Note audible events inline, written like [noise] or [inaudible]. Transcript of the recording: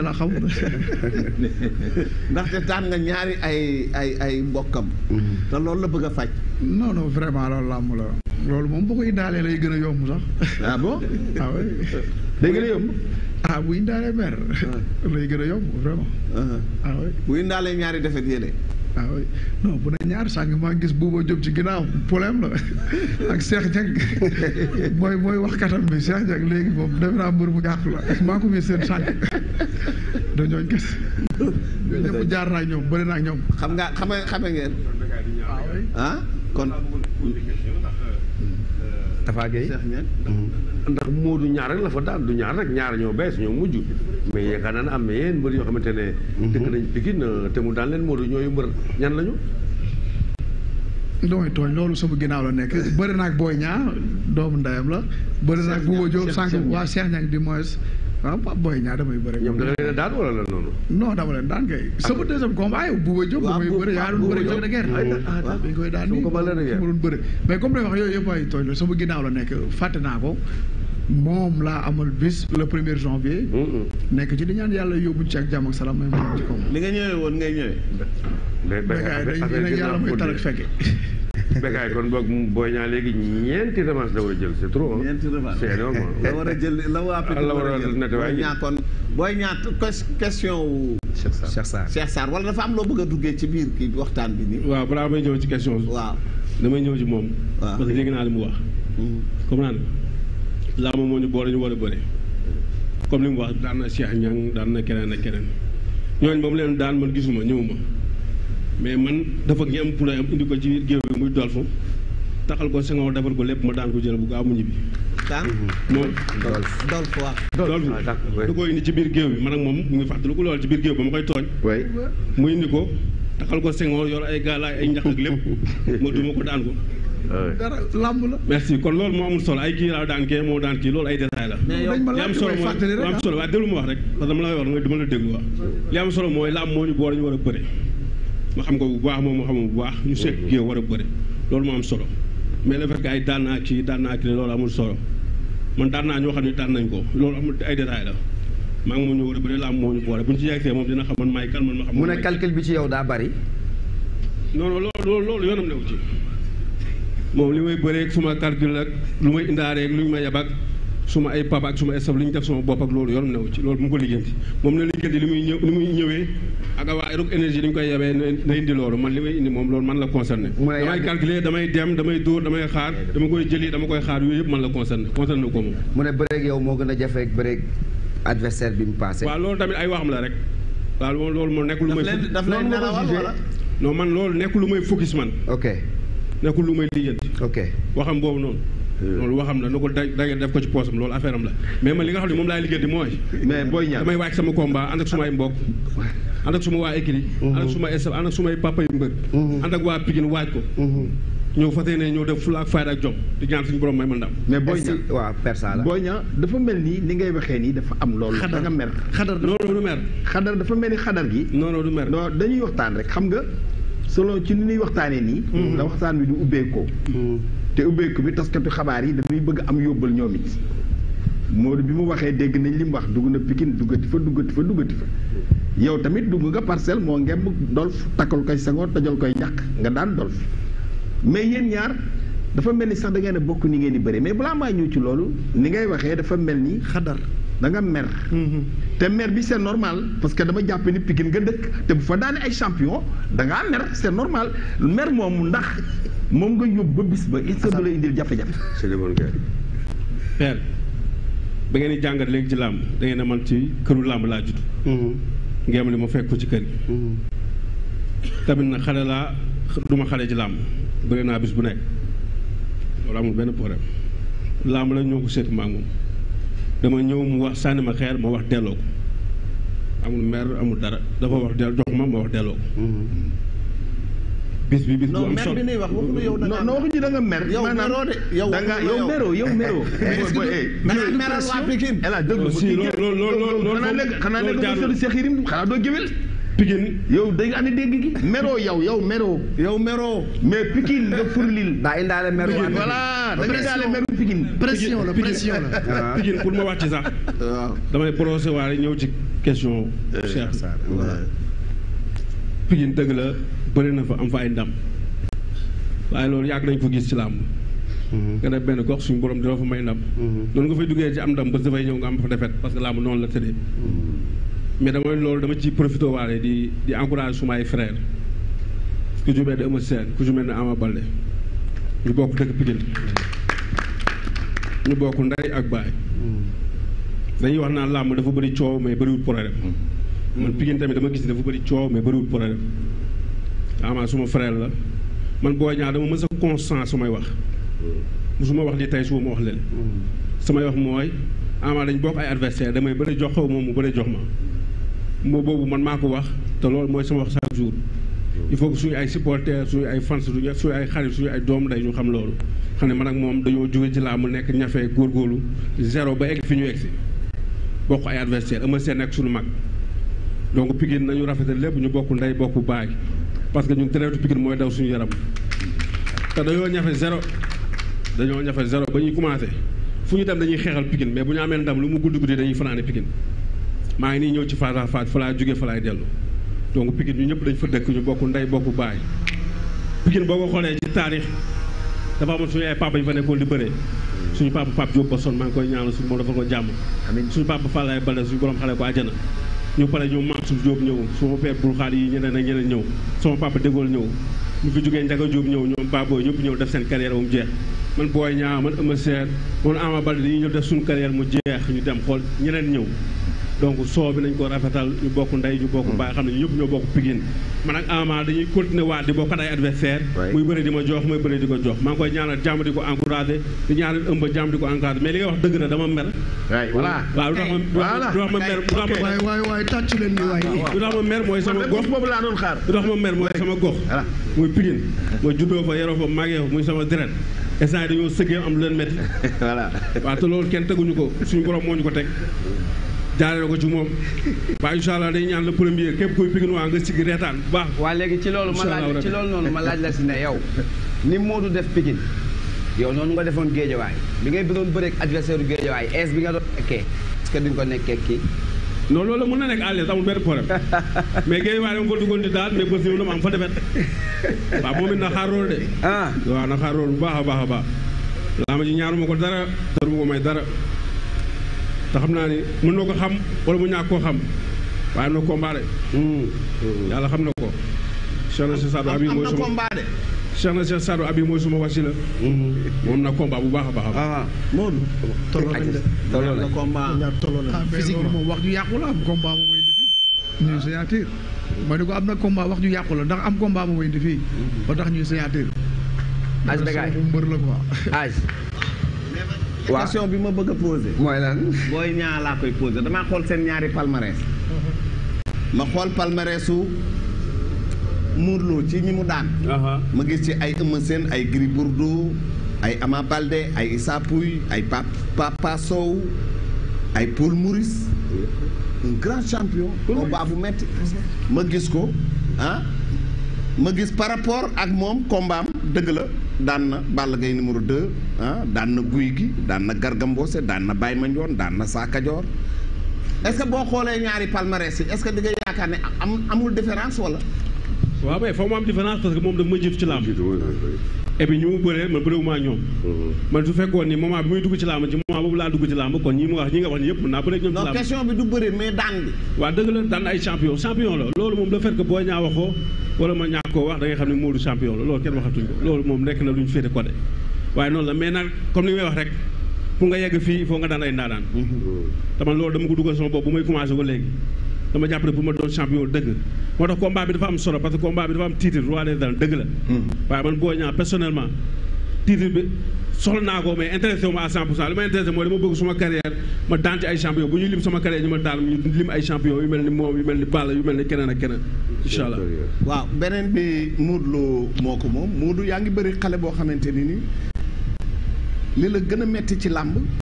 la xam [laughs] ndaxte nga ñaari ay ay ay mbokkam mm-hmm. te loolu la bëgg a faj non non vraiment loolu làmb la loolu moom bu ko indaalee lay gën a yomb sax ah bon [laughs] ah oui day gën a yomb ah bu indaalee mer ah. [laughs] lay gën a yomb vraiment ah, ah oui bu indaalee ñaari defet yéene ah oui non bu ne ñaari sànq maa gis Bouba Diop ci ginnaaw problème la ak Cheikh Dieng [laughs] mooy mooy wax katam bi Cheikh Dieng léegi moom defe naa mbër mu yàqu la maa ko gis seen sànq dañoo gis. ñëpp jaar naa ñoom bëri naa ñoom. xam nga xame xame ngeen. ah kon. Tafa Gueye mhm. ndax Modou ñaar rek la fa daan du ñaar rek ñaar ñoo bees ñoo mujj mais yaakaar naa ne am na yeneen yoo xamante ne mhm. dëkk nañ Pikine te mu daan leen Modou ñooyu mbër ñan lañu damay tooñ loolu ginnaaw la nekk [laughs] bëri naag booy ñaar doomu ndeyam la bëri naag Bouba Diop sànq waa Cheikh Niang di moins ah Pape Boye ñaar damay bëre. ñoom da nga leen daan wala la noonu. non dama leen daan kay. Ah. sama deuxième combat yow Bouba Diop. waaw Bouba yaa doon bëre Diop ah, doon bëre. mais comme day wax yëpp ay tooñ la sama ginnaaw la nekk fàtte naa ko moom laa amal bis le premier janvier. nekk ci di yàlla yóbbu ci ak jàmm ak salaam may moom ci kaw. li nga ñëwee woon ngay ñëwee. mais mais dina yàlla may talag fekke yi kon boog Boy Niang léegi ñeenti revanche la war a jël c'est trop. ñeenti revanche c'est énorme la war a jël la waa Pikine la war a ah, jël Boy Niang kon Boy Niang question wu. Cheikh Sarr Cheikh Sarr Cheikh wala dafa am loo bëgg a duggee ci biir kii waxtaan bi nii. waaw balaa may ñëw ci question bi. waaw damay ñëw ci moom. waaw parce que dégg naa li mu wax. comme naan laa moom moo ñu boole ñu war a bëre. comme li mu wax daan na Cheikh Niang daan na keneen ak keneen ñooñu moom leen daan man gisuma ñëwuma. mais man dafa ñi am poulain am indi ko ci biir géew bi muy dol fa taxal ko Senghor defar ko lépp ma daan ko jël bu gaaw mu ñibbi. daan moom. dolf dolf waaw. da indi ci biir géew bi man ak moom mu ngi fàttali ko lool ci biir géew ba koy tooñ. waay mu ko taxal ko Senghor yor ay gaalaay ay ñax ak ma ko daan ko. la. merci kon loolu moo amul solo ay kii laa daan kee moo daan kii loolu ay détails la. li am solo mooy ah. ma wax rek parce que dama la wax dama la déglu waaw. li am solo mooy làmb moo ñu boole ñu war a bëre. ma xam ko bu baax moom ma xamul bu baax. ñu seet mm-hmm. kii war a bëri loolu moo am solo. mais le que ay daan naa kii daan loolu amul solo man daan naa ñoo xam ne daan nañ ko loolu amul ay détails la maa ngi moom ñu war a bëri ñu boole bu ñu ci yegsee moom dina xam ma xam. mu ne calcul bi ci yow daa bari. non non loolu loolu yoonam newu ci moom li may bëree fu ma calcul ak lu may indaareeg lu may yab ak suma ay papa ak suma staff li ñu def sama bopp ak loolu yoonu new ci loolu mu ko liggéeyanti moom na liggéeyanti li muy ñëw li muy ñëwee ak waa Rock Énergie li ñu koy yebee na indi loolu man li may indi moom loolu man la concerné damay calculer damay dem damay dóor damay xaar dama koy jëli dama koy xaar yooyu yëpp man la concerné concerné ko moom mu ne bëreeg yow moo gën a jafe ak bëreeg adversaire bi mu passé waaw loolu tamit ay waxam la rek waaw loolu moom nekk lu may non man loolu nekk lu may focus man ok nekkul lu may lijjanti ok waxam boobu noonu loolu waxam la nu ko dagg def ko ci poosam loolu affaire la mais man li nga xam ne moom laay liggéeyante mhm. mhm. ko. Mhm. ñëw fas yéene ñëw def fula ak fayda ak jom di ñaan suñu borom may ma ndam. mais booy ñaan waaw persa la booy ñaan dafa mel ni ni ngay waxee nii dafa am loolu. xadar nga mer xadar non dafa mel ni xadar gi. non non du mer non dañuy waxtaan rek xam nga selon ci ni ñuy waxtaanee nii. la waxtaan wi du ubbeekoo. te ubbeeku bi taskatu xabaar yi dañuy bëgg am yóbbal ñoom it Modou bi mu waxee dégg nañ li mu wax dugg na Pikine duggati fa duggati fa duggati fa yow tamit dugg nga parcelle moo ngemb dolf takkal koy sangoor tajal koy ñàkk nga daan dolf mais yéen ñaar dafa mel ni sax da ngeen bokk ni ngeen di bëri mais balaa maa ñëw ci loolu ni ngay waxee dafa mel ni xadar danga nga mer. Mhm. te mer bi seen est normal parce que dama jàpp ni Pikine nga dëkk te bu fa daane ay champion da ngaa mer seen est normal mer moom ndax moom nga yóbbu ba bis ba. est-ce du la indil jafe-jafe. père ba ngeen di jàngat léegi ci làmb da ngeen a man ci këru làmb laa judd. Mhm. ngeen li ma fekk ko ci kër gi. Mhm. tamit nag xale laa du xale ci làmb bëri naa bis bu nekk loolu amul benn problème làmb la ñoo ko seetu maa dama ñëw mu wax sànni ma xeer ma wax delloo ko amul mer amul dara dafa wax del jox ma ma wax delloo ko. Mm-hmm. Mm-hmm. bis bi bis bu am solo non mer bi nii wax waxuñu yow da nga. non waxuñu [laughs] mer. yow meroo de yow yow doo géwél Pikine yow dañ andi dégg gi meroo yow yow yow meroo mais Pikine nga furlil daa indaale meroo voilà da nga indaale meru Pikine pression la pression la dëgg la bëri fa am fa ay ndam waaye loolu yàgg nañ ko gis ci làmb mm-hmm. nga def benn gox suñu borom dina fa may ndam noonu mm-hmm. nga fay duggee ci am ndam ba dafay ñëw nga am fa defet parce que làmb noonu la tëddee mm-hmm. mais dama loolu dama ci profité waale di di encouragé suma ay frères ku ci mel ne Eumeu ku ci mel ne Ama Baldé ñu bokk dëkk Pikine ñu bokk ndey ak baay dañuy wax naan làmb dafa bëri coow mais bëriwul problème man Pikine tamit dama gis ne dafa bëri coow mais bëriwul problème Ama suma frère la man Boy Niang dama mës a constant su may wax musuma wax li tey suba ma wax leen samay wax mooy Ama dañ bokk ay adversaire damay bari jox ko moom mu bëri jox ma moo boobu man maa ko wax te loolu mooy sama wax chaque jour il faut que suñu ay supporters suñu ay fans suñu ay xarit suñu ay doom day ñu xam loolu xam ne man ak moom dañoo jóge ci laa mu nekk ñafe góorgóorlu zéro ba egg fi ñu egg si bokk ay adversaire ama seen nekk suñu mag donc Pikine nañu rafetal lépp ñu bokk ndey bokk baay parce que ñu deretu Pikine mooy daw suñu yaram te dañoo ñafe zéro dañoo ñafe zéro ba ñuy commencé fu ñu dem dañuy xeexal Pikine mais bu ñu amee ndam lu mu gudd guddi dañuy fanaane Pikine maa ngi nii ñëw ci Fass fa laa jóge fa laay dellu donc Pikine ñu ñëpp dañ fa dëkk ñu bokk ndey bokk baay Pikine boo ko xoolee ci taarix dafa amoon suñu ay papa yu fa nekkoon di bëree suñu papa Pape Diop Boston maa ngi koy ñaanal suñu moom dafa ko jàmm suñu papa Fallaye Baldé suñu borom xale ko àjjana ñu pare ñëw Mansour Diop ñëw sama père Bourkhane yi ñeneen ak ñeneen ñëw sama papa Dégol ñëw ñu fi jógee Ndiaga Diop ñëw ñoom Baboy ñëpp ñëw def seen carrière mu jeex man Boy Niang man Eumeu Sène man Ama Baldé dañuy ñëw def suñu carrière mu jeex ñu dem xool ñeneen ñëw donc soo bi nañ ko rafetal ñu bokk ndey ñu bokk mm. baay xam ne ñu ñëpp ñoo bokk Pikine man ak Ama dañuy continuer waat di bokkat ay adversaire muy bëri di ma jox muy bëri di ko jox maa ngi koy ñaanal jàmm di ko encouragé di ñaanal ëmb jàmm di ko encouragé mais li nga wax dëgg na dama mer voilà ma mer lu tax ma mer mooy sama gox ma mer sama gox muy Pikine ma juddoo fa yaroo fa màggee fa muy sama deret instant dañoo sëggee am lu leen métti [laughs] voilà te loolu kenn teguñu ko suñu borom moo ñu ko teg jaaree ko ci moom waaye incha allah dañu ñaan le premier képp kuy Pikine waa nga sigg reetaan bu baax. waaw léegi ci loolu ma laaj ci loolu noonu ma laaj la si ne yow ni Modou def Pikine yow noonu nga defoon géejawaay bi ngay doon bëreeg adversaire géejawaay aise bi nga doon nekkee est-ce que duñ ko nekkee kii. non loolu mën na nekk à l'aise amul benn problème [laughs] mais géejawaay dama ko duggoon di daal mais bés yow dama am fa defet [laughs] waaw moom it na xaar loolu de. ah waaw na bu baax a baax a baax. laa ma ji ñaaruma ko dara daruma ko may te xam naa ni mën na ko xam wala mu ñàkk koo xam waaye am combat de. Hmm. yàlla xam na ko. Cheikh na Cheikh Sadou Habib mooy suma am na combat de. na mooy suma wasila. Hmm. moom na combat bu baax a baax. ah Maodo. tolloo ah, ah, moom wax ju yàqu la am combat bu ñuy signature. Hmm. ma ne ko am na combat wax ju yàqu la ndax am combat bu wéy fii. ba tax ñuy signature. as dëgg ay mbër la waaw question bi ma bëgg a mooy lan. booy ñaar laa koy posé damaa xool seen ñaari palmarès. ma xool palmarèsu Modou ci ñi mu daan. Uh-huh. ma gis ci ay Eumeu seen ay Gris Bordeaux ay Ama Baldé ay Issa ay Papa Papa ay Paul Maurice uh-huh. un grand champion. au bu metti uh-huh. ma gis ko ah ma gis par rapport ak moom kombaam dëgg la daan na Balla Gaye numéro 2 ah daan na Guy gi daan na Garga Mbossé daan na Baye Mandione daan na Sa Kajoor est-ce que boo xoolee ñaari palmarès yi est-ce que di nga yaakaar ne am amul différence wala. waaw mais foofu mu am différence parce que moom daf ma jëf ci làmb. et puis ñu mu bëree man bëriwuma ñoom. Mm-hmm. man su fekkoon ni moment bi ci laa dugg kon ñi mu wax ñi nga wax ni yëpp naa bëri ñoom. ci làmb question bi du bëri mais daan bi. waaw dëgg la daan ay champion loolu moom le fait que boo ñaa wala ma ñàkk ko wax da ngay xam ne Modou champion la loolu kenn waxatuñ ko loolu moom nekk na lu ñu féete côté waaye noonu la mais nag comme ni may wax rek pour nga yegg fii il faut nga daan ay ndaanaan dama mm-hmm. loolu dama ko dugal sama bopp bu may commencé ko léegi dama jàpp ne bu ma doon champion dëgg moo tax combat bi dafa am solo parce que combat bi dafa am titre roi des arènes dëgg la mm-hmm. waaye man Boy Niang personnellement titre bi soxla naa ko mais intéressé wu ma à 100 pour cent li ma intéressé mooy dama bëgg suma carrière ma daan ci ay champion bu ñuy lim sama carrière ñu ma daal ñu lim ay champion yu mel ni moom yu mel ni Balla yu mel ni keneen ak keneen incha allah waaw beneen bi Modou Lo moo ko moom Modou yaa ngi bëri xale boo xamante ni ni li la gën a metti ci làmb